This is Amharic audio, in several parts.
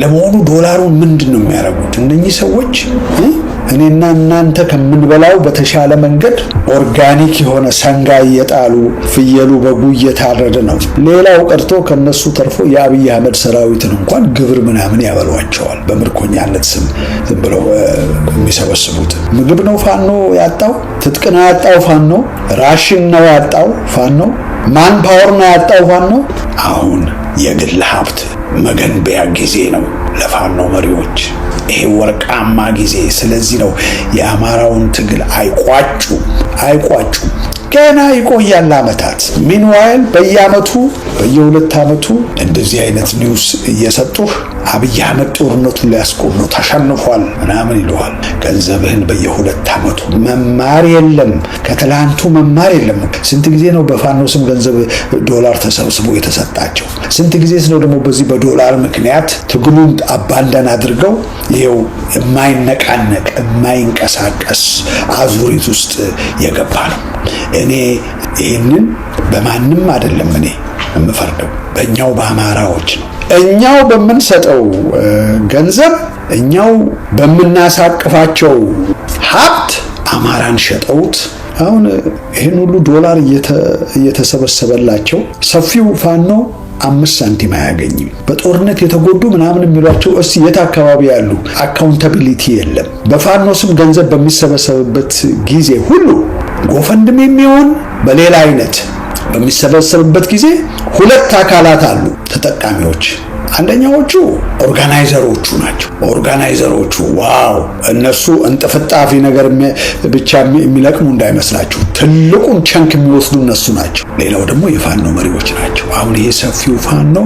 ለመሆኑ ዶላሩ ምንድን ነው የሚያደርጉት እነኚህ ሰዎች? እኔና እናንተ ከምንበላው በተሻለ መንገድ ኦርጋኒክ የሆነ ሰንጋ እየጣሉ ፍየሉ በጉ እየታረደ ነው። ሌላው ቀርቶ ከነሱ ተርፎ የአብይ አህመድ ሰራዊትን እንኳን ግብር ምናምን ያበሏቸዋል። በምርኮኛነት ስም ዝም ብለው የሚሰበስቡት ምግብ ነው። ፋኖ ያጣው ትጥቅ ነው ያጣው ፋኖ ራሽን ነው ያጣው ፋኖ ማን ፓወር ነው ያጣው ፋኖ። አሁን የግል ሀብት መገንቢያ ጊዜ ነው ለፋኖ መሪዎች። ይሄ ወርቃማ ጊዜ። ስለዚህ ነው የአማራውን ትግል አይቋጩ አይቋጩ ገና ይቆያል አመታት። ሚንዋይል በየአመቱ በየሁለት አመቱ እንደዚህ አይነት ኒውስ እየሰጡህ አብይ አህመድ ጦርነቱን ሊያስቆም ነው ታሸንፏል ምናምን ይለዋል። ገንዘብህን በየሁለት አመቱ መማር የለም ከትላንቱ መማር የለም። ስንት ጊዜ ነው በፋኖ ስም ገንዘብ ዶላር ተሰብስቦ የተሰጣቸው? ስንት ጊዜ ነው ደግሞ በዚህ በዶላር ምክንያት ትግሉን አባንዳን አድርገው ይኸው የማይነቃነቅ የማይንቀሳቀስ አዙሪት ውስጥ የገባ ነው። እኔ ይህንን በማንም አይደለም እኔ የምፈርደው በእኛው በአማራዎች ነው። እኛው በምንሰጠው ገንዘብ እኛው በምናሳቅፋቸው ሀብት አማራን ሸጠውት አሁን ይህን ሁሉ ዶላር እየተሰበሰበላቸው ሰፊው ፋኖ አምስት ሳንቲም አያገኝም። በጦርነት የተጎዱ ምናምን የሚሏቸው እስ የት አካባቢ ያሉ አካውንታቢሊቲ የለም። በፋኖ ስም ገንዘብ በሚሰበሰብበት ጊዜ ሁሉ ጎፈንድም የሚሆን በሌላ አይነት በሚሰበሰብበት ጊዜ ሁለት አካላት አሉ ተጠቃሚዎች። አንደኛዎቹ ኦርጋናይዘሮቹ ናቸው። ኦርጋናይዘሮቹ ዋው፣ እነሱ እንጥፍጣፊ ነገር ብቻ የሚለቅሙ እንዳይመስላችሁ፣ ትልቁን ቸንክ የሚወስዱ እነሱ ናቸው። ሌላው ደግሞ የፋኖ መሪዎች ናቸው። አሁን ይሄ ሰፊው ፋኖ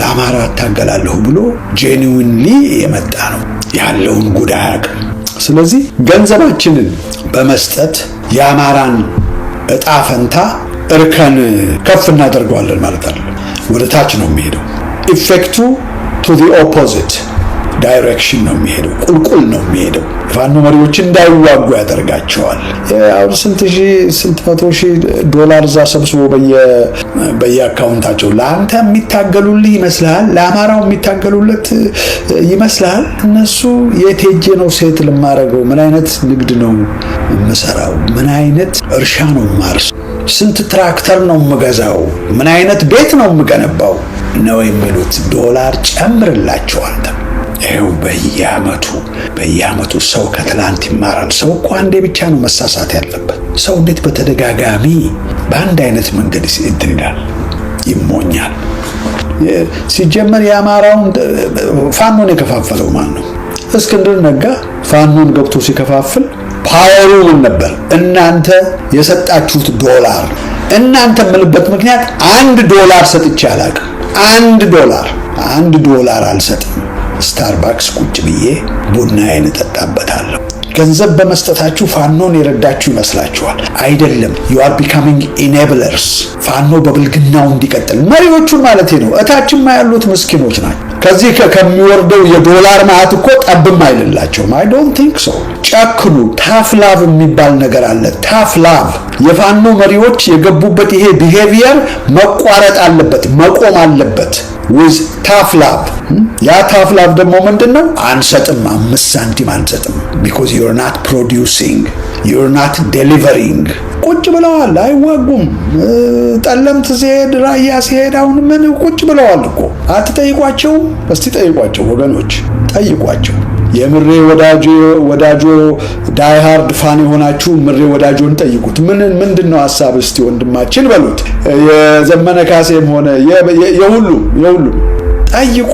ለአማራ እታገላለሁ ብሎ ጄኒዊንሊ የመጣ ነው ያለውን ጉዳይ አቅም። ስለዚህ ገንዘባችንን በመስጠት የአማራን እጣ ፈንታ እርከን ከፍ እናደርገዋለን ማለት አለ። ወደ ታች ነው የሚሄደው ኢፌክቱ ቱ ኦፖዚት ዳይሬክሽን ነው የሚሄደው፣ ቁልቁል ነው የሚሄደው። ፋኖ መሪዎች እንዳይዋጉ ያደርጋቸዋል። አሁን ስንት ሺህ ስንት መቶ ሺህ ዶላር እዛ ሰብስቦ በየአካውንታቸው ለአንተ የሚታገሉልህ ይመስልሃል? ለአማራው የሚታገሉለት ይመስልሃል? እነሱ የት ሄጄ ነው ሴት ልማረገው? ምን አይነት ንግድ ነው የምሰራው? ምን አይነት እርሻ ነው ማርስ? ስንት ትራክተር ነው የምገዛው? ምን አይነት ቤት ነው የምገነባው? ነው የሚሉት ዶላር ጨምርላቸዋል። ይኸው በየአመቱ በየአመቱ ሰው ከትላንት ይማራል። ሰው እኮ አንዴ ብቻ ነው መሳሳት ያለበት። ሰው እንዴት በተደጋጋሚ በአንድ አይነት መንገድ እንትን ይላል ይሞኛል? ሲጀመር የአማራውን ፋኖን የከፋፈለው ማን ነው? እስክንድር ነጋ ፋኖን ገብቶ ሲከፋፍል ፓወሩ ምን ነበር? እናንተ የሰጣችሁት ዶላር። እናንተ የምልበት ምክንያት አንድ ዶላር ሰጥቼ አላውቅም። አንድ ዶላር አንድ ዶላር አልሰጥም። ስታርባክስ ቁጭ ብዬ ቡና እጠጣበታለሁ። ገንዘብ በመስጠታችሁ ፋኖን የረዳችሁ ይመስላችኋል። አይደለም። ዩ አር ቢካሚንግ ኢኔብለርስ። ፋኖ በብልግናው እንዲቀጥል መሪዎቹን ማለት ነው። እታችማ ያሉት ምስኪኖች ናቸው። ከዚህ ከሚወርደው የዶላር ማዕት እኮ ጠብም አይልላቸውም። አይ ዶንት ቲንክ ሶ። ጨክኑ። ታፍ ላቭ የሚባል ነገር አለ። ታፍ ላቭ የፋኖ መሪዎች የገቡበት ይሄ ቢሄቪየር መቋረጥ አለበት፣ መቆም አለበት። ዊዝ ታፍላብ hmm? ያ ታፍላብ ደግሞ ምንድን ነው? አንሰጥም፣ አምስት ሳንቲም አንሰጥም። ቢኮዝ ዩር ናት ፕሮዲውሲንግ ዩር ናት ዴሊቨሪንግ። ቁጭ ብለዋል፣ አይዋጉም። ጠለምት ሲሄድ ራያ ሲሄድ አሁን ምን ቁጭ ብለዋል እኮ አትጠይቋቸውም? እስቲ ጠይቋቸው ወገኖች፣ ጠይቋቸው። የምሬ ወዳጆ ዳይሃርድ ፋን የሆናችሁ ምሬ ወዳጆን ጠይቁት። ምን ምንድነው ሀሳብ እስቲ ወንድማችን በሉት። የዘመነ ካሴም ሆነ የሁሉም የሁሉም ጠይቁ።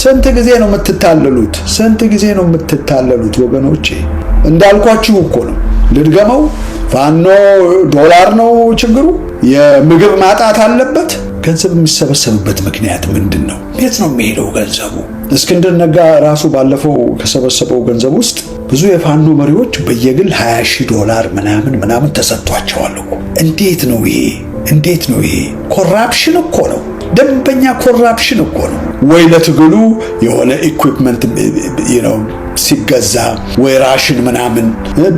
ስንት ጊዜ ነው የምትታለሉት? ስንት ጊዜ ነው የምትታለሉት ወገኖቼ? እንዳልኳችሁ እኮ ነው። ልድገመው። ፋኖ ዶላር ነው ችግሩ። የምግብ ማጣት አለበት። ገንዘብ የሚሰበሰብበት ምክንያት ምንድን ነው? የት ነው የሚሄደው ገንዘቡ? እስክንድር ነጋ ራሱ ባለፈው ከሰበሰበው ገንዘብ ውስጥ ብዙ የፋኖ መሪዎች በየግል 20 ሺህ ዶላር ምናምን ምናምን ተሰጥቷቸዋል እንዴት ነው ይሄ? እንዴት ነው ይሄ? ኮራፕሽን እኮ ነው፣ ደንበኛ ኮራፕሽን እኮ ነው። ወይ ለትግሉ የሆነ ኢኩዊፕመንት ነው ሲገዛ ወይ ራሽን ምናምን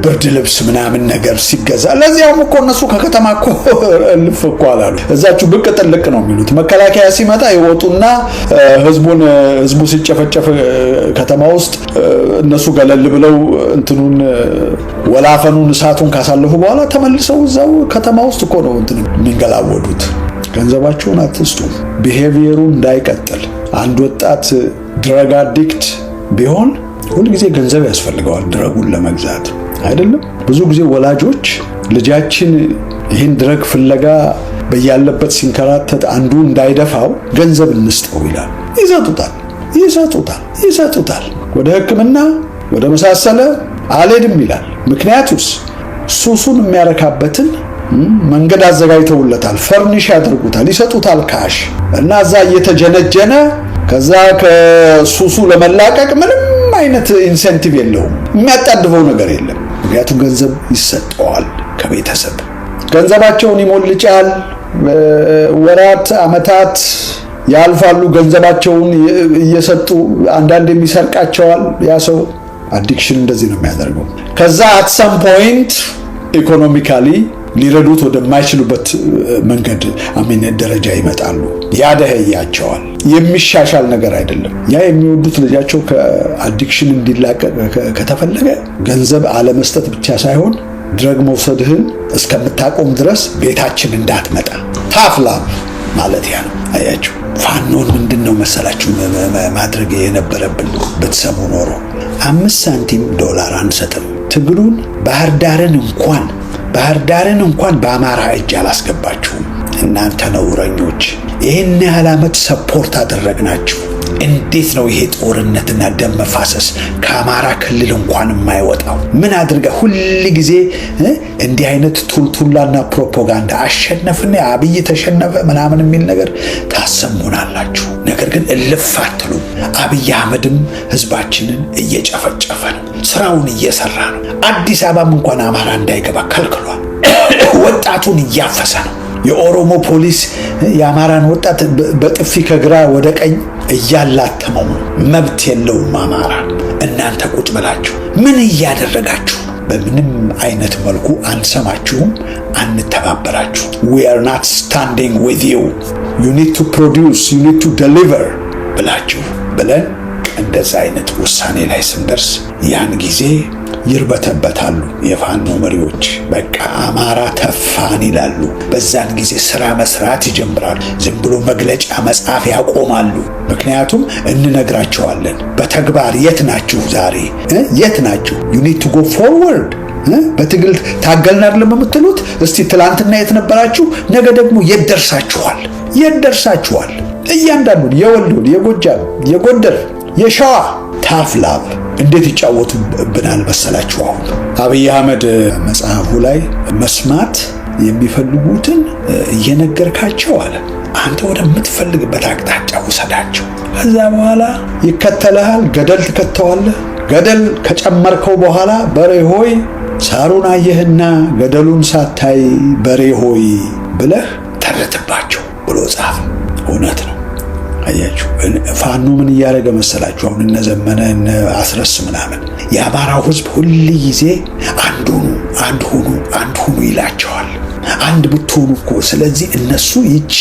ብርድ ልብስ ምናምን ነገር ሲገዛ፣ ለዚያውም እኮ እነሱ ከከተማ እኮ ልፍ እኮ አላሉ። እዛችሁ ብቅ ጥልቅ ነው የሚሉት። መከላከያ ሲመጣ ይወጡና ህዝቡን ህዝቡ ሲጨፈጨፍ ከተማ ውስጥ እነሱ ገለል ብለው እንትኑን ወላፈኑን እሳቱን ካሳለፉ በኋላ ተመልሰው እዛው ከተማ ውስጥ እኮ ነው እንትን የሚንገላወዱት። ገንዘባቸውን አትስጡ። ቢሄቪየሩ እንዳይቀጥል አንድ ወጣት ድረግ አዲክት ቢሆን ሁልጊዜ ገንዘብ ያስፈልገዋል ድረጉን ለመግዛት አይደለም። ብዙ ጊዜ ወላጆች ልጃችን ይህን ድረግ ፍለጋ በያለበት ሲንከራተት አንዱ እንዳይደፋው ገንዘብ እንስጠው ይላል። ይሰጡታል፣ ይሰጡታል፣ ይሰጡታል። ወደ ሕክምና ወደ መሳሰለ አልሄድም ይላል። ምክንያቱስ ሱሱን የሚያረካበትን መንገድ አዘጋጅተውለታል። ፈርኒሽ ያደርጉታል፣ ይሰጡታል ካሽ እና እዛ እየተጀነጀነ ከዛ ከሱሱ ለመላቀቅ ምንም አይነት ኢንሴንቲቭ የለውም። የሚያጣድበው ነገር የለም። ምክንያቱም ገንዘብ ይሰጠዋል ከቤተሰብ ገንዘባቸውን ይሞልጫል። ወራት አመታት ያልፋሉ። ገንዘባቸውን እየሰጡ አንዳንዴም ይሰርቃቸዋል። ያ ሰው አዲክሽን እንደዚህ ነው የሚያደርገው። ከዛ አት ሰም ፖይንት ኢኮኖሚካሊ ሊረዱት ወደማይችሉበት መንገድ አሜን ደረጃ ይመጣሉ። ያደህያቸዋል። የሚሻሻል ነገር አይደለም። ያ የሚወዱት ልጃቸው ከአዲክሽን እንዲላቀቅ ከተፈለገ ገንዘብ አለመስጠት ብቻ ሳይሆን ድረግ መውሰድህን እስከምታቆም ድረስ ቤታችን እንዳትመጣ ታፍላ ማለት ያ ነው። አያችሁ ፋኖን ምንድን ነው መሰላችሁ ማድረግ የነበረብን ብትሰሙ ኖሮ አምስት ሳንቲም ዶላር አንሰጥም። ትግሉን ባህር ዳርን እንኳን ባህር ዳርን እንኳን በአማራ እጅ አላስገባችሁም። እናንተ ነውረኞች ይህን ያህል ዓመት ሰፖርት አደረግናችሁ። እንዴት ነው ይሄ ጦርነትና ደም መፋሰስ ከአማራ ክልል እንኳን የማይወጣው? ምን አድርጋ ሁል ጊዜ እንዲህ አይነት ቱልቱላና ፕሮፓጋንዳ አሸነፍን፣ አብይ ተሸነፈ ምናምን የሚል ነገር ታሰሙናላችሁ። ነገር ግን እልፍ አትሉም። አብይ አህመድም ህዝባችንን እየጨፈጨፈ ነው፣ ስራውን እየሰራ ነው። አዲስ አበባም እንኳን አማራ እንዳይገባ ከልክሏል። ወጣቱን እያፈሰ ነው። የኦሮሞ ፖሊስ የአማራን ወጣት በጥፊ ከግራ ወደ ቀኝ እያላተመው ነው። መብት የለውም አማራ። እናንተ ቁጭ ብላችሁ ምን እያደረጋችሁ? በምንም አይነት መልኩ አንሰማችሁም፣ አንተባበራችሁ። ዊ አር ናት ስታንዲንግ ዊዝ ዩ ዩ ኒድ ቱ ፕሮዲውስ ዩ ኒድ ቱ ደሊቨር ብላችሁ ብለን እንደዛ አይነት ውሳኔ ላይ ስንደርስ ያን ጊዜ ይርበተበታሉ የፋኖ መሪዎች። በቃ አማራ ተፋን ይላሉ። በዛን ጊዜ ስራ መስራት ይጀምራሉ። ዝም ብሎ መግለጫ መጻፍ ያቆማሉ። ምክንያቱም እንነግራቸዋለን በተግባር የት ናችሁ ዛሬ የት ናችሁ? ዩ ኒድ ቱ ጎ ፎርወርድ በትግል ታገልን አይደለም የምትሉት? እስቲ ትላንትና የት ነበራችሁ? ነገ ደግሞ የት ደርሳችኋል? የት ደርሳችኋል? እያንዳንዱን የወሎን፣ የጎጃም፣ የጎንደር፣ የሸዋ ታፍላብ እንዴት ይጫወቱብናል መሰላችሁ? አሁን አብይ አህመድ መጽሐፉ ላይ መስማት የሚፈልጉትን እየነገርካቸው አለ አንተ ወደምትፈልግበት አቅጣጫ ውሰዳቸው። ከዛ በኋላ ይከተልሃል፣ ገደል ትከተዋለህ። ገደል ከጨመርከው በኋላ በሬ ሆይ ሳሩን አየህና ገደሉን ሳታይ በሬ ሆይ ብለህ ተረትባቸው ብሎ ጻፈ። እውነት ነው። አያችሁ ፋኖ ምን እያደረገ መሰላችሁ? አሁን እነ ዘመነ እነ አስረስ ምናምን የአማራው ህዝብ ሁል ጊዜ አንድ ሁኑ፣ አንድ ሁኑ፣ አንድ ሁኑ ይላቸዋል። አንድ ብትሆኑ እኮ ስለዚህ እነሱ ይቺ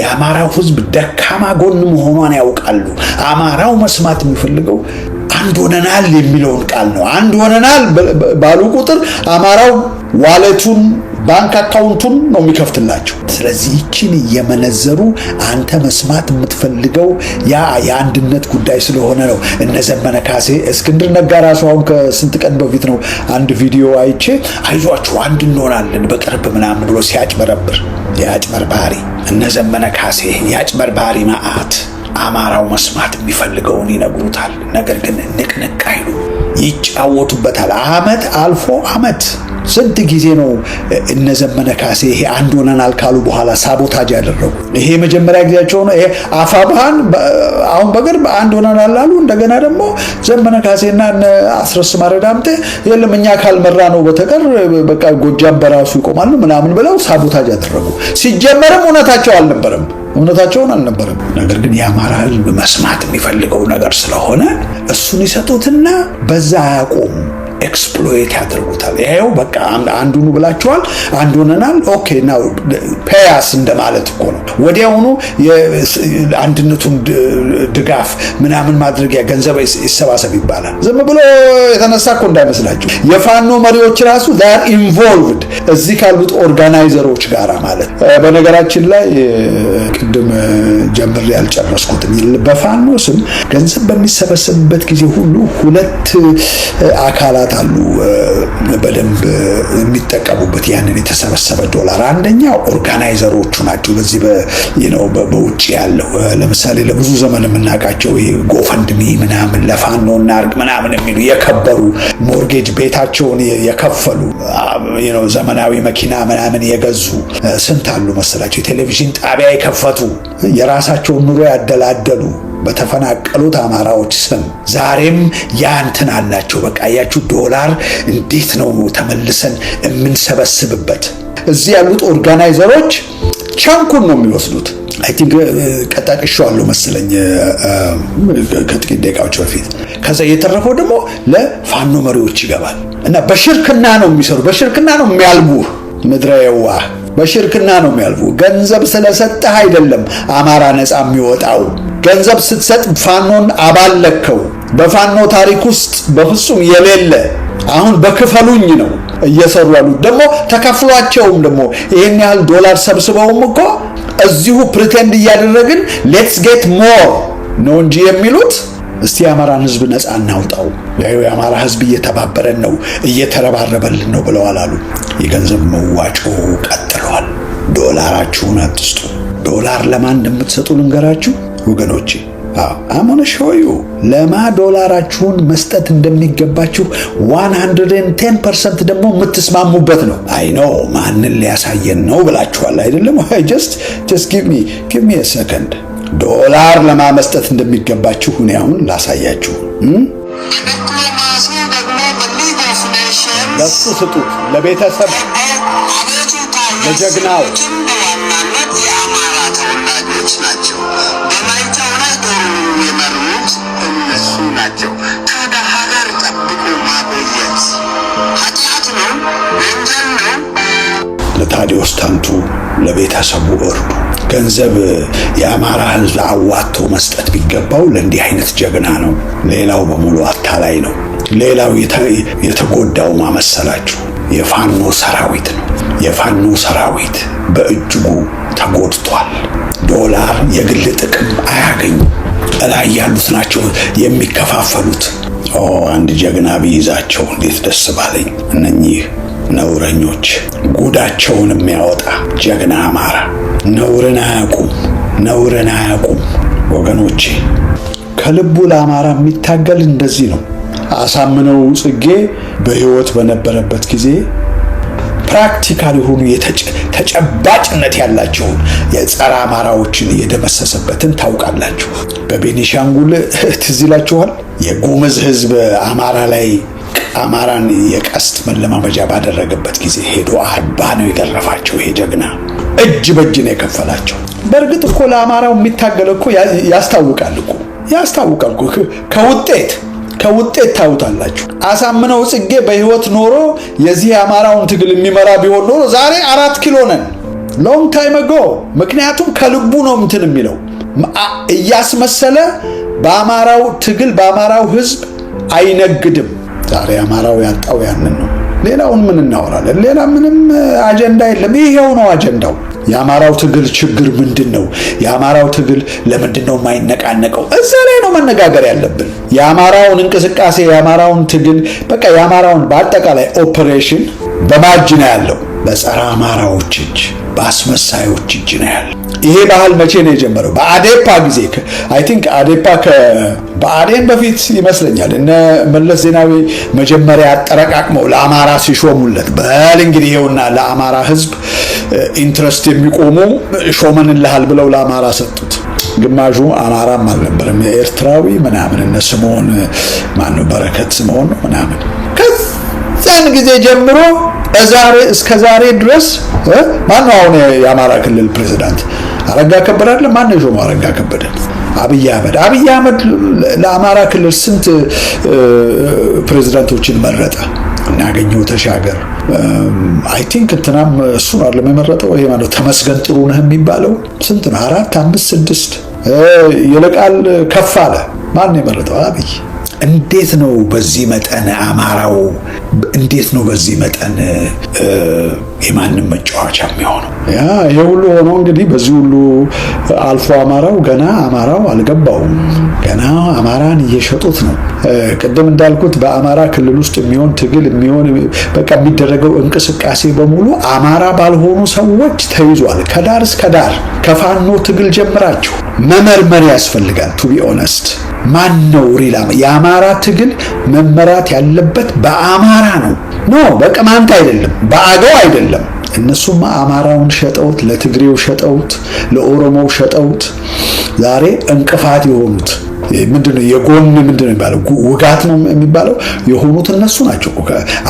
የአማራው ህዝብ ደካማ ጎን መሆኗን ያውቃሉ። አማራው መስማት የሚፈልገው አንድ ሆነናል የሚለውን ቃል ነው። አንድ ሆነናል ባሉ ቁጥር አማራው ዋሌቱን ባንክ አካውንቱን ነው የሚከፍትላቸው። ስለዚህ ይችን እየመነዘሩ አንተ መስማት የምትፈልገው ያ የአንድነት ጉዳይ ስለሆነ ነው። እነ ዘመነ ካሴ፣ እስክንድር ነጋ ራሱ አሁን ከስንት ቀን በፊት ነው አንድ ቪዲዮ አይቼ አይዟችሁ አንድ እንሆናለን በቅርብ ምናምን ብሎ ሲያጭበረብር ባህሪ እነ ዘመነ ካሴ ባህሪ ማአት አማራው መስማት የሚፈልገውን ይነግሩታል። ነገር ግን ንቅንቅ አይሉ ይጫወቱበታል። አመት አልፎ አመት ስንት ጊዜ ነው እነዘመነ ካሴ ይሄ አንድ ሆነናል ካሉ በኋላ ሳቦታጅ ያደረጉ? ይሄ መጀመሪያ ጊዜያቸው ነው። ይሄ አሁን በቅርብ አንድ ሆነናል አሉ። እንደገና ደግሞ ዘመነ ካሴና አስረስ ማረ የለም እኛ ካልመራ ነው በተቀር በቃ ጎጃም በራሱ ይቆማሉ ምናምን ብለው ሳቦታጅ ያደረጉ፣ ሲጀመርም እውነታቸው አልነበረም። እውነታቸውን አልነበረም። ነገር ግን የአማራ ህዝብ መስማት የሚፈልገው ነገር ስለሆነ እሱን ይሰጡትና በዛ አያቆሙ ኤክስፕሎይት ያደርጉታል። ይሄው በቃ አንዱን ብላችኋል፣ አንዱንናል። ኦኬ ናው ፔያስ እንደማለት እኮ ነው። ወዲያውኑ የአንድነቱን ድጋፍ ምናምን ማድረጊያ ገንዘብ ይሰባሰብ ይባላል። ዝም ብሎ የተነሳ እኮ እንዳይመስላችሁ የፋኖ መሪዎች ራሱ ር ኢንቮልቭድ እዚህ ካሉት ኦርጋናይዘሮች ጋር ማለት። በነገራችን ላይ ቅድም ጀምሬ ያልጨረስኩትም በፋኖ ስም ገንዘብ በሚሰበሰብበት ጊዜ ሁሉ ሁለት አካላት ያወጣሉ በደንብ የሚጠቀሙበት ያንን የተሰበሰበ ዶላር። አንደኛው ኦርጋናይዘሮቹ ናቸው። በዚህ ነው በውጭ ያለው ለምሳሌ ለብዙ ዘመን የምናውቃቸው ጎፈንድሚ ምናምን ለፋኖ እናርግ ምናምን የሚሉ የከበሩ ሞርጌጅ ቤታቸውን የከፈሉ ዘመናዊ መኪና ምናምን የገዙ ስንት አሉ መሰላቸው። የቴሌቪዥን ጣቢያ የከፈቱ የራሳቸውን ኑሮ ያደላደሉ በተፈናቀሉት አማራዎች ስም ዛሬም ያንትን አላቸው። በቃ ያችሁ ዶላር እንዴት ነው ተመልሰን የምንሰበስብበት? እዚህ ያሉት ኦርጋናይዘሮች ቻንኩን ነው የሚወስዱት። አይ ቲንክ ቀጣቅሼዋለሁ መሰለኝ ከጥቂት ደቂቃዎች በፊት። ከዛ እየተረፈው ደግሞ ለፋኖ መሪዎች ይገባል እና በሽርክና ነው የሚሰሩ፣ በሽርክና ነው የሚያልቡ ምድረ የዋ በሽርክና ነው የሚያልፉ። ገንዘብ ስለሰጠህ አይደለም አማራ ነፃ የሚወጣው። ገንዘብ ስትሰጥ ፋኖን አባለከው። በፋኖ ታሪክ ውስጥ በፍጹም የሌለ አሁን በክፈሉኝ ነው እየሰሩ ያሉት። ደግሞ ተከፍሏቸውም ደግሞ ይህን ያህል ዶላር ሰብስበውም እኮ እዚሁ ፕሪቴንድ እያደረግን ሌትስ ጌት ሞር ነው እንጂ የሚሉት። እስቲ የአማራን ህዝብ ነፃ እናውጣው፣ ያዩ የአማራ ህዝብ እየተባበረን ነው እየተረባረበልን ነው ብለዋል አሉ። የገንዘብ መዋጮ ቀጥለዋል። ዶላራችሁን አትስጡ። ዶላር ለማን እንደምትሰጡ ልንገራችሁ። ወገኖቼ አሞነ ሾዩ ለማ ዶላራችሁን መስጠት እንደሚገባችሁ 110% ደግሞ የምትስማሙበት ነው። አይ ነው ማንን ሊያሳየን ነው ብላችኋል አይደለም? አይ ጀስት ጀስት ጊቭ ሚ ጊቭ ሚ ሰከንድ ዶላር ለማ መስጠት እንደሚገባችሁ እኔ አሁን ላሳያችሁ። ለሱ ስጡት፣ ለቤተሰብ፣ ለጀግናው ከዲዮስታንቱ ለቤተሰቡ እርዱ። ገንዘብ የአማራ ህዝብ አዋጥቶ መስጠት ቢገባው ለእንዲህ አይነት ጀግና ነው። ሌላው በሙሉ አታላይ ነው። ሌላው የተጎዳው ማመሰላችሁ የፋኖ ሰራዊት ነው። የፋኖ ሰራዊት በእጅጉ ተጎድቷል። ዶላር የግል ጥቅም አያገኝም። እላይ ያሉት ናቸው የሚከፋፈሉት። ኦ አንድ ጀግና ቢይዛቸው እንዴት ደስ ባለኝ! እነኚህ ነውረኞች ጉዳቸውን የሚያወጣ ጀግና አማራ። ነውርን አያውቁም፣ ነውርን አያውቁም ወገኖቼ። ከልቡ ለአማራ የሚታገል እንደዚህ ነው። አሳምነው ጽጌ በህይወት በነበረበት ጊዜ ፕራክቲካል የሆኑ ተጨባጭነት ያላቸውን የጸረ አማራዎችን የደመሰሰበትን ታውቃላችሁ። በቤኒሻንጉል ትዝ ይላችኋል። የጉምዝ ህዝብ አማራ ላይ አማራን የቀስት መለማመጃ ባደረገበት ጊዜ ሄዶ አርባ ነው የገረፋቸው። ይሄ ጀግና እጅ በእጅ ነው የከፈላቸው። በእርግጥ እኮ ለአማራው የሚታገል እኮ ያስታውቃል እኮ ያስታውቃል እኮ ከውጤት ከውጤት ታዩታላችሁ። አሳምነው ጽጌ በህይወት ኖሮ የዚህ የአማራውን ትግል የሚመራ ቢሆን ኖሮ ዛሬ አራት ኪሎ ነን፣ ሎንግ ታይም ጎ። ምክንያቱም ከልቡ ነው እንትን የሚለው እያስመሰለ በአማራው ትግል በአማራው ህዝብ አይነግድም። ዛሬ አማራው ያጣው ያንን ነው። ሌላውን ምን እናወራለን? ሌላ ምንም አጀንዳ የለም። ይሄው ነው አጀንዳው። የአማራው ትግል ችግር ምንድን ነው? የአማራው ትግል ለምንድን ነው የማይነቃነቀው? እዛ ላይ ነው መነጋገር ያለብን። የአማራውን እንቅስቃሴ፣ የአማራውን ትግል፣ በቃ የአማራውን በአጠቃላይ ኦፕሬሽን በማጅ ነው ያለው፣ በጸረ አማራዎች እጅ፣ በአስመሳዮች እጅ ነው ያለው። ይሄ ባህል መቼ ነው የጀመረው? በአዴፓ ጊዜ አይ ቲንክ አዴፓ በአዴን በፊት ይመስለኛል እነ መለስ ዜናዊ መጀመሪያ አጠረቃቅመው ለአማራ ሲሾሙለት በል እንግዲህ ይኸውና ለአማራ ሕዝብ ኢንትረስት የሚቆሙ ሾመንልሃል ብለው ለአማራ ሰጡት። ግማሹ አማራም አልነበረም ኤርትራዊ ምናምን እነ ስምዖን ማነው በረከት ስምዖን ምናምን ከዛን ጊዜ ጀምሮ እዛሬ እስከ ዛሬ ድረስ ማነው አሁን የአማራ ክልል ፕሬዚዳንት? አረጋ ከበደ አለ። ማነው የሾመ አረጋ ከበደ? አብይ አህመድ። አብይ አህመድ ለአማራ ክልል ስንት ፕሬዚዳንቶችን መረጠ? እናገኘው ተሻገር አይ ቲንክ እንትናም እሱ ነው ለመመረጠው። ይሄ ማለት ተመስገን ጥሩ ነህ የሚባለው ስንት ነው? አራት፣ አምስት፣ ስድስት። ይልቃል ከፍ አለ። ማን የመረጠው? አብይ እንዴት ነው በዚህ መጠን አማራው እንዴት ነው በዚህ መጠን የማንም መጫወቻ የሚሆነው? ያ ይሄ ሁሉ ሆኖ እንግዲህ በዚህ ሁሉ አልፎ አማራው ገና አማራው አልገባውም። ገና አማራን እየሸጡት ነው። ቅድም እንዳልኩት በአማራ ክልል ውስጥ የሚሆን ትግል የሚሆን በቃ የሚደረገው እንቅስቃሴ በሙሉ አማራ ባልሆኑ ሰዎች ተይዟል። ከዳር እስከ ዳር ከፋኖ ትግል ጀምራችሁ መመርመር ያስፈልጋል። ቱ ቢ ኦነስት ማን ነው ሪላ የአማራ ትግል መመራት ያለበት በአማራ ነው። ኖ በቅማንት አይደለም፣ በአገው አይደለም። እነሱማ አማራውን ሸጠውት፣ ለትግሬው ሸጠውት፣ ለኦሮሞው ሸጠውት። ዛሬ እንቅፋት የሆኑት ምንድነው? የጎን ምንድነው የሚባለው? ውጋት ነው የሚባለው የሆኑት እነሱ ናቸው።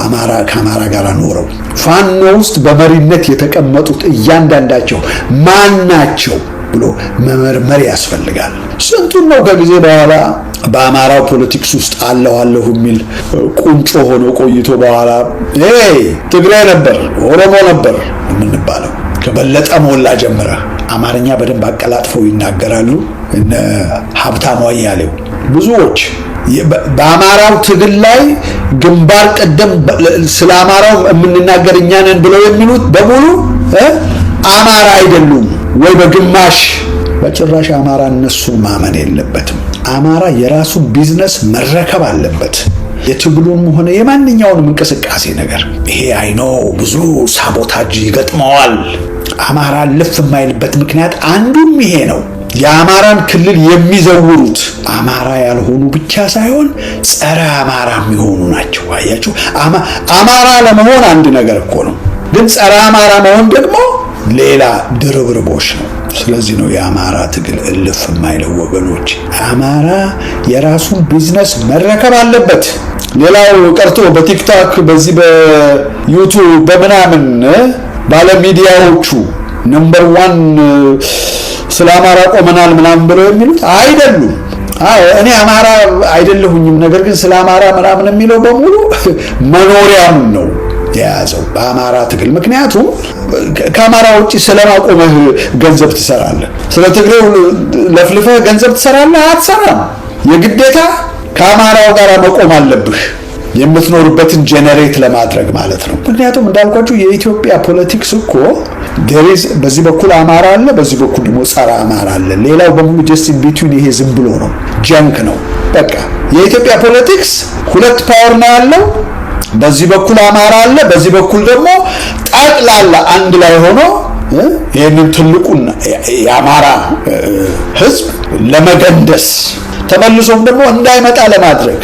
አማራ ከአማራ ጋር ኖረው ፋኖ ውስጥ በመሪነት የተቀመጡት እያንዳንዳቸው ማን ናቸው? ብሎ መመርመር ያስፈልጋል። ስንቱን ነው ከጊዜ በኋላ በአማራው ፖለቲክስ ውስጥ አለሁ አለሁ የሚል ቁንጮ ሆኖ ቆይቶ በኋላ ትግራይ ነበር፣ ኦሮሞ ነበር የምንባለው። ከበለጠ ሞላ ጀምረ አማርኛ በደንብ አቀላጥፈው ይናገራሉ። እነ ሀብታሙ አያሌው ብዙዎች በአማራው ትግል ላይ ግንባር ቀደም ስለ አማራው የምንናገር እኛ ነን ብለው የሚሉት በሙሉ አማራ አይደሉም ወይ በግማሽ በጭራሽ አማራ እነሱን ማመን የለበትም። አማራ የራሱ ቢዝነስ መረከብ አለበት። የትግሉም ሆነ የማንኛውንም እንቅስቃሴ ነገር ይሄ አይኖ ብዙ ሳቦታጅ ይገጥመዋል። አማራ ልፍ የማይልበት ምክንያት አንዱም ይሄ ነው። የአማራን ክልል የሚዘውሩት አማራ ያልሆኑ ብቻ ሳይሆን ጸረ አማራ የሚሆኑ ናቸው። አያችሁ፣ አማራ ለመሆን አንድ ነገር እኮ ነው፣ ግን ጸረ አማራ መሆን ደግሞ ሌላ ድርብርቦች ነው። ስለዚህ ነው የአማራ ትግል እልፍ የማይለው ወገኖች። አማራ የራሱን ቢዝነስ መረከብ አለበት። ሌላው ቀርቶ በቲክቶክ በዚህ በዩቱብ በምናምን ባለሚዲያዎቹ ነምበር ዋን ስለ አማራ ቆመናል ምናምን ብለው የሚሉት አይደሉም። እኔ አማራ አይደለሁኝም፣ ነገር ግን ስለ አማራ ምናምን የሚለው በሙሉ መኖሪያም ነው የያዘው በአማራ ትግል። ምክንያቱም ከአማራ ውጭ ስለማቆመህ ገንዘብ ትሰራለህ፣ ስለ ትግሬው ለፍልፈህ ገንዘብ ትሰራለህ? አትሰራም። የግዴታ ከአማራው ጋር መቆም አለብህ የምትኖርበትን ጀነሬት ለማድረግ ማለት ነው። ምክንያቱም እንዳልኳችሁ የኢትዮጵያ ፖለቲክስ እኮ ደሪዝ በዚህ በኩል አማራ አለ፣ በዚህ በኩል ደግሞ ጸረ አማራ አለ። ሌላው በሙሉ ጀስት ቢትዊን ይሄ ዝም ብሎ ነው፣ ጀንክ ነው። በቃ የኢትዮጵያ ፖለቲክስ ሁለት ፓወር ነው ያለው። በዚህ በኩል አማራ አለ፣ በዚህ በኩል ደግሞ ጠቅላላ አንድ ላይ ሆኖ ይህንን ትልቁን የአማራ ህዝብ ለመገንደስ ተመልሶም ደግሞ እንዳይመጣ ለማድረግ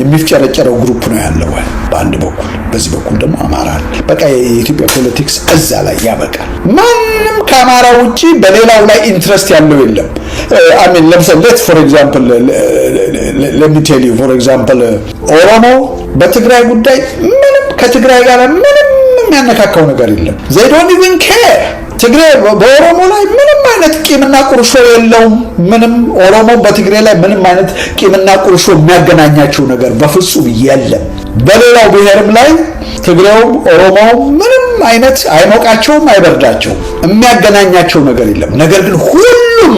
የሚፍጨረጨረው ግሩፕ ነው ያለው በአንድ በኩል፣ በዚህ በኩል ደግሞ አማራ አለ። በቃ የኢትዮጵያ ፖለቲክስ እዛ ላይ ያበቃል። ማንም ከአማራ ውጭ በሌላው ላይ ኢንትረስት ያለው የለም። አሚን ለምሳሌ ሌት ፎር ኤግዛምፕል ለሚቴል ፎር ኤግዛምፕል ኦሮሞ በትግራይ ጉዳይ ምንም ከትግራይ ጋር ምንም የሚያነካካው ነገር የለም። ዜይ ዶንት ኢቭን ኬር ትግሬ በኦሮሞ ላይ ምንም አይነት ቂምና ቁርሾ የለውም። ምንም ኦሮሞ በትግሬ ላይ ምንም አይነት ቂምና ቁርሾ የሚያገናኛቸው ነገር በፍጹም የለም። በሌላው ብሔርም ላይ ትግሬውም ኦሮሞውም ምንም አይነት አይሞቃቸውም፣ አይበርዳቸውም። የሚያገናኛቸው ነገር የለም። ነገር ግን ሁሉም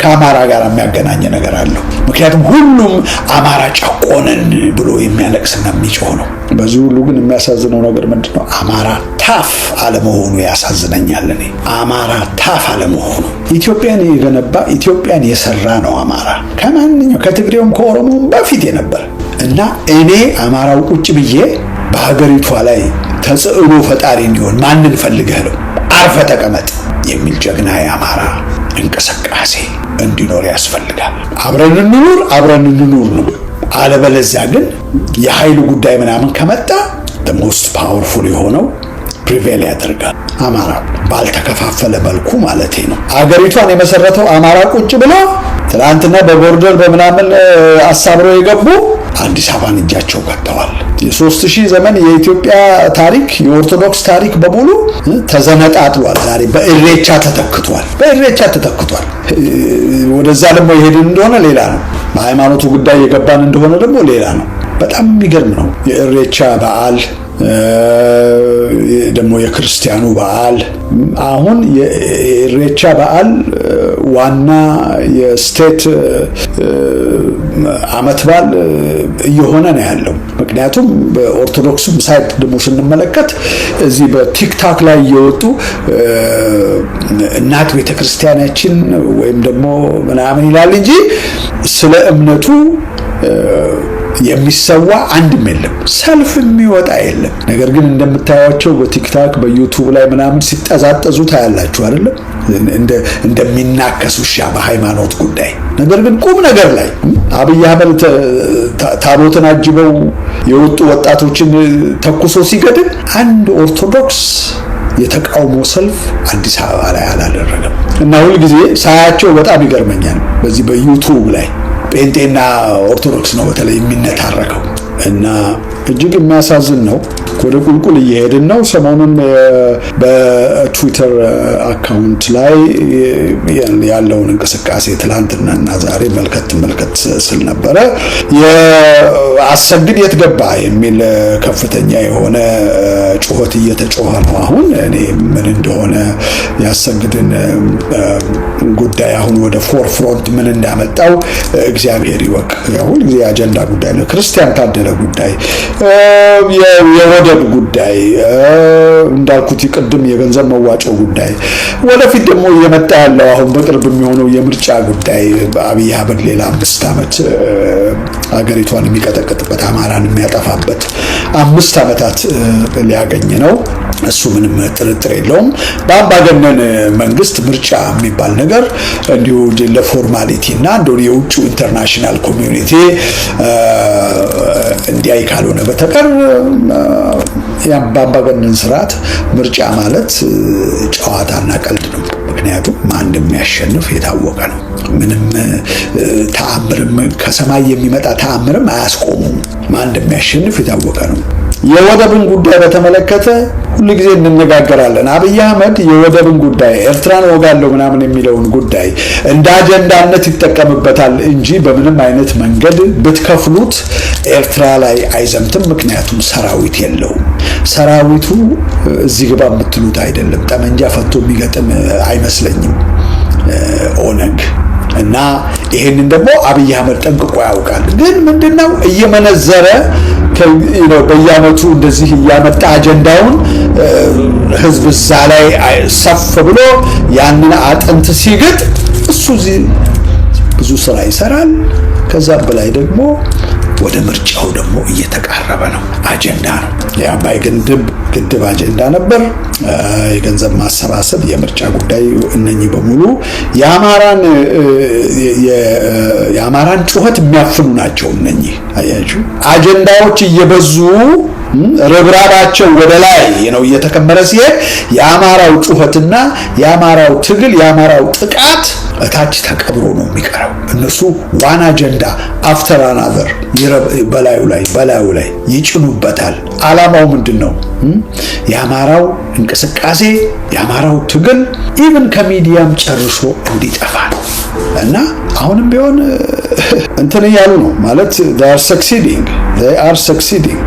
ከአማራ ጋር የሚያገናኝ ነገር አለው። ምክንያቱም ሁሉም አማራ ጨቆንን ብሎ የሚያለቅስና የሚጮህ ነው። በዚህ ሁሉ ግን የሚያሳዝነው ነገር ምንድን ነው? አማራ ታፍ አለመሆኑ ያሳዝነኛል። እኔ አማራ ታፍ አለመሆኑ ኢትዮጵያን የገነባ ኢትዮጵያን የሰራ ነው አማራ ከማንኛው ከትግሬውም ከኦሮሞም በፊት የነበረ እና እኔ አማራው ቁጭ ብዬ በሀገሪቷ ላይ ተጽዕኖ ፈጣሪ እንዲሆን ማንን ፈልገህ ነው አርፈ ተቀመጥ የሚል ጀግና የአማራ እንቅስቃሴ እንዲኖር ያስፈልጋል። አብረን እንኑር፣ አብረን እንኑር ነው። አለበለዚያ ግን የኃይሉ ጉዳይ ምናምን ከመጣ ሞስት ፓወርፉል የሆነው ፕሪቬል ያደርጋል። አማራ ባልተከፋፈለ መልኩ ማለት ነው። አገሪቷን የመሰረተው አማራ ቁጭ ብሎ ትናንትና በቦርደር በምናምን አሳብረው የገቡ አዲስ አበባን እጃቸው ገብተዋል። የሶስት ሺህ ዘመን የኢትዮጵያ ታሪክ የኦርቶዶክስ ታሪክ በሙሉ ተዘነጣጥሏል። ዛሬ በእሬቻ ተተክቷል፣ በእሬቻ ተተክቷል። ወደዛ ደግሞ የሄድን እንደሆነ ሌላ ነው። በሃይማኖቱ ጉዳይ የገባን እንደሆነ ደግሞ ሌላ ነው። በጣም የሚገርም ነው። የእሬቻ በዓል ደግሞ የክርስቲያኑ በዓል አሁን የኢሬቻ በዓል ዋና የስቴት አመት በዓል እየሆነ ነው ያለው። ምክንያቱም በኦርቶዶክሱ ሳይት ደግሞ ስንመለከት እዚህ በቲክታክ ላይ እየወጡ እናት ቤተክርስቲያናችን ወይም ደግሞ ምናምን ይላል እንጂ ስለ እምነቱ የሚሰዋ አንድም የለም። ሰልፍ የሚወጣ የለም። ነገር ግን እንደምታያቸው በቲክታክ በዩቱብ ላይ ምናምን ሲጠዛጠዙ ታያላችሁ አይደለም? እንደሚናከሱ ሻ በሃይማኖት ጉዳይ። ነገር ግን ቁም ነገር ላይ አብይ አህመድ ታቦትን አጅበው የወጡ ወጣቶችን ተኩሶ ሲገድል አንድ ኦርቶዶክስ የተቃውሞ ሰልፍ አዲስ አበባ ላይ አላደረገም እና ሁልጊዜ ሳያቸው በጣም ይገርመኛል በዚህ በዩቱብ ላይ ጴንጤና ኦርቶዶክስ ነው በተለይ የሚነታረከው እና እጅግ የሚያሳዝን ነው። ወደ ቁልቁል እየሄድን ነው። ሰሞኑን በትዊተር አካውንት ላይ ያለውን እንቅስቃሴ ትላንትናና ዛሬ መልከት መልከት ስል ነበረ። አሰግድ የት ገባ የሚል ከፍተኛ የሆነ ጩኸት እየተጮኸ ነው። አሁን እኔ ምን እንደሆነ ያሰግድን ጉዳይ አሁን ወደ ፎር ፍሮንት ምን እንዳመጣው እግዚአብሔር ይወቅ። ሁል ጊዜ አጀንዳ ጉዳይ ነው። ክርስቲያን ታደለ ጉዳይ የወደ የገንዘብ ጉዳይ እንዳልኩት ቅድም የገንዘብ መዋጮ ጉዳይ፣ ወደፊት ደግሞ እየመጣ ያለው አሁን በቅርብ የሚሆነው የምርጫ ጉዳይ በአብይ አህመድ ሌላ አምስት ዓመት ሀገሪቷን የሚቀጠቅጥበት አማራን የሚያጠፋበት አምስት ዓመታት ሊያገኝ ነው። እሱ ምንም ጥርጥር የለውም። በአምባገነን መንግስት ምርጫ የሚባል ነገር እንዲሁ ለፎርማሊቲ እና እንደ የውጭ ኢንተርናሽናል ኮሚዩኒቲ እንዲያይ ካልሆነ በተቀር በአምባገነን ስርዓት ምርጫ ማለት ጨዋታና ቀልድ ነው። ምክንያቱም ማን እንደሚያሸንፍ የታወቀ ነው። ምንም ተአምርም ከሰማይ የሚመጣ ተአምርም አያስቆሙም። ማን እንደሚያሸንፍ የታወቀ ነው። የወደብን ጉዳይ በተመለከተ ሁሉ ጊዜ እንነጋገራለን። አብይ አህመድ የወደብን ጉዳይ ኤርትራን ወጋለሁ ምናምን የሚለውን ጉዳይ እንደ አጀንዳነት ይጠቀምበታል እንጂ በምንም አይነት መንገድ ብትከፍሉት ኤርትራ ላይ አይዘምትም። ምክንያቱም ሰራዊት የለውም። ሰራዊቱ እዚህ ግባ የምትሉት አይደለም። ጠመንጃ ፈቶ የሚገጥም አይመስለኝም ኦነግ እና ይሄንን ደግሞ አብይ አህመድ ጠንቅቆ ያውቃል። ግን ምንድነው እየመነዘረ በየአመቱ እንደዚህ እያመጣ አጀንዳውን ህዝብ እዛ ላይ ሰፍ ብሎ ያንን አጥንት ሲግጥ እሱ እዚህ ብዙ ስራ ይሰራል። ከዛ በላይ ደግሞ ወደ ምርጫው ደግሞ እየተቃረበ ነው። አጀንዳ ነው። የአባይ ግድብ ግድብ አጀንዳ ነበር። የገንዘብ ማሰባሰብ፣ የምርጫ ጉዳይ፣ እነኚህ በሙሉ የአማራን ጩኸት የሚያፍኑ ናቸው። እነኚህ አያችሁ አጀንዳዎች እየበዙ ርብራባቸው ወደ ላይ ነው እየተከመረ ሲሄድ የአማራው ጩኸትና የአማራው ትግል የአማራው ጥቃት እታች ተቀብሮ ነው የሚቀረው። እነሱ ዋን አጀንዳ አፍተር አናዘር በላዩ ላይ በላዩ ላይ ይጭኑበታል። አላማው ምንድን ነው? የአማራው እንቅስቃሴ የአማራው ትግል ኢቭን ከሚዲያም ጨርሶ እንዲጠፋ ነው። እና አሁንም ቢሆን እንትን እያሉ ነው ማለት ሰክሲዲንግ ር ሰክሲዲንግ